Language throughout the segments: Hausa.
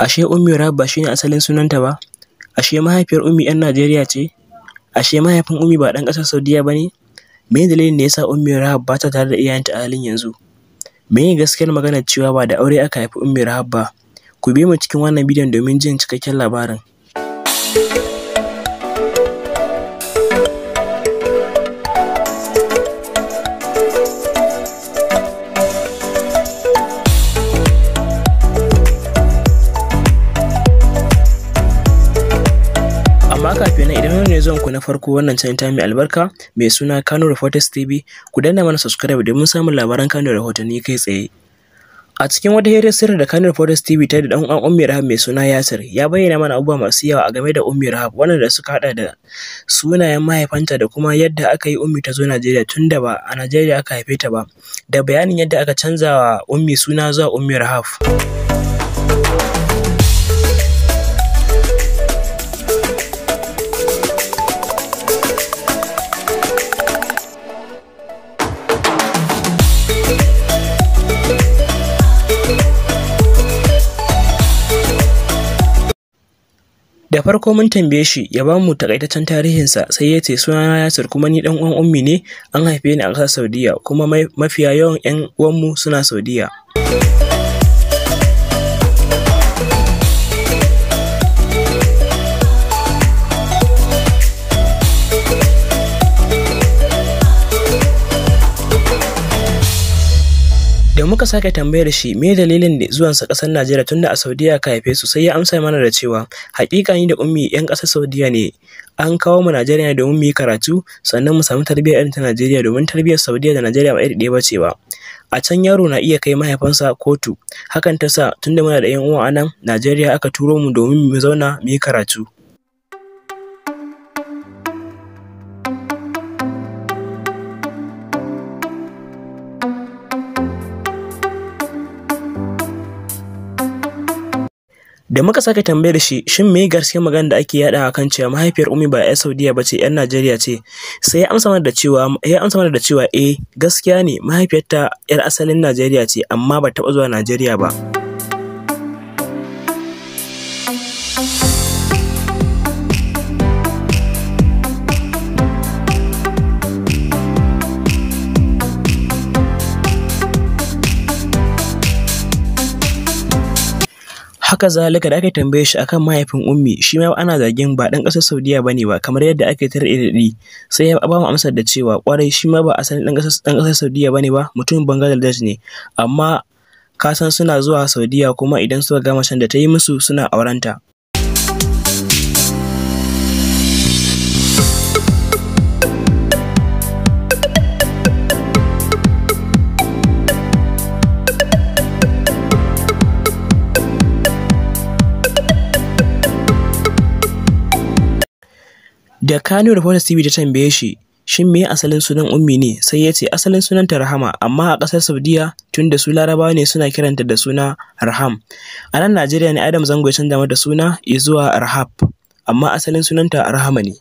Ashe Ummi Rahab ba shi ne asalin sunanta ba? Ashe mahaifiyar Ummi 'yan Najeriya ce? Ashe mahaifin Ummi ba ɗan ƙasar Saudiya ba ne? Me dalilin da ya sa Ummi Rahab ba ta tare da iyayenta a halin yanzu? Me ne gaskiyar maganar cewa ba da aure aka haifi Ummi Rahab ba? Ku bi mu cikin wannan bidiyon domin jin cikakken labarin. kafin na idan wani ne zuwan ku na farko wannan channel ta mai albarka mai suna Kano Reporters TV ku danna mana subscribe domin samun labaran Kano rahotanni kai tsaye a cikin wata hirar sirri da Kano Reporters TV ta da dan uwan Ummi Rahab mai suna Yasir ya bayyana mana abubuwa masu yawa a game da Ummi Rahab da suka hada da sunayen mahaifanta da kuma yadda aka yi Ummi ta zo Najeriya tun da ba a Najeriya aka haife ta ba da bayanin yadda aka canza wa Ummi suna zuwa Ummi Rahab Da farko mun tambaye shi ya ba mu takaitaccen tarihinsa sai ya ce suna sunana Yasir kuma ni dan uwan ummi ne an haife ni a ƙasar Saudiya kuma mafiya yawan 'yan uwanmu suna Saudiya. muka sake tambayar shi me dalilin da sa kasar Najeriya tunda a Saudiya ka haife su sai ya amsa mana da cewa haƙiƙa ni da ummi 'yan kasar Saudiya ne an kawo mu Najeriya domin mu yi karatu sannan mu samu tarbiyyar irin ta Najeriya domin tarbiyyar Saudiya da Najeriya ba iri ɗaya bace ba a can yaro na iya kai mahaifansa kotu hakan ta sa tunda muna da 'yan uwa a Najeriya aka turo mu domin mu zauna mu yi karatu da muka sake tambayar shi shin me gaskiyar magana da ake yada kan cewa mahaifiyar Umi ba 'yar Saudiya bace ƴar Najeriya ce sai ya amsa mana da cewa ya amsa mana da cewa eh gaskiya ne mahaifiyarta 'yar asalin Najeriya ce amma ba taɓa zuwa Najeriya ba. haka zalika da aka tambaye shi akan mahaifin ummi shi ma ana zargin ba dan kasar saudiya bane ba kamar yadda ake tarɗe sai ya ba mu amsar da cewa kwarai shi ma ba asalin dan kasar dan kasar saudiya bane ba mutumin bangladesh ne amma kasan suna zuwa saudiya kuma idan suka gama shan da ta yi musu suna aurenta Da Kano Reporters TV ta tambaye shi, shin me asalin sunan Ummi ne? Sai yace ce asalin sunanta Rahama, amma a ƙasar Saudiya tun da su Larabawa ne suna kiranta da suna Raham. A nan Najeriya ne Adam Zango ya canza mata suna zuwa Rahab, amma asalin sunanta Rahama ne.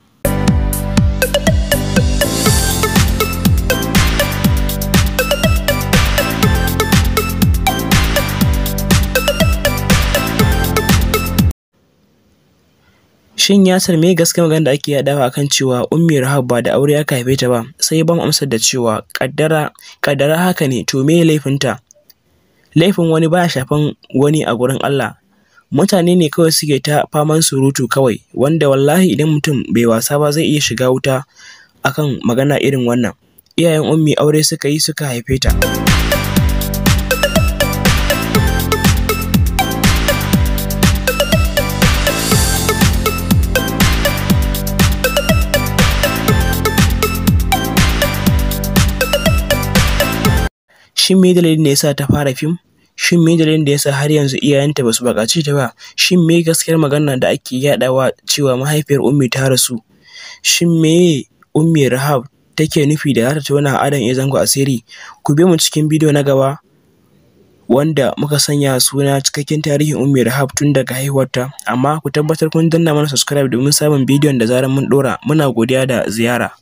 Shin ya san me gaskiya magana da ake yadawa akan cewa Ummi Rahab ba da aure aka haife ta ba? Sai ban amsa amsar da cewa kaddara kaddara haka ne to me laifinta? Laifin wani baya shafan wani a gurin Allah. Mutane ne kawai suke ta faman surutu kawai wanda wallahi idan mutum bai wasa ba zai iya shiga wuta akan magana irin wannan. Iyayen Ummi aure suka yi suka haife ta. shin me dalilin da yasa ta fara fim shin me dalilin da yasa har yanzu iyayenta ba su buƙace ta ba shin me gaskiyar magana da ake yaɗawa cewa mahaifiyar ummi ta rasu shin me ummi rahab take nufi da za ta tona adon ya zango asiri ku bi mu cikin bidiyo na gaba wanda muka sanya suna cikakken tarihin ummi rahab tun daga haihuwarta amma ku tabbatar kun danna mana subscribe domin samun bidiyon da zarar mun ɗora muna godiya da ziyara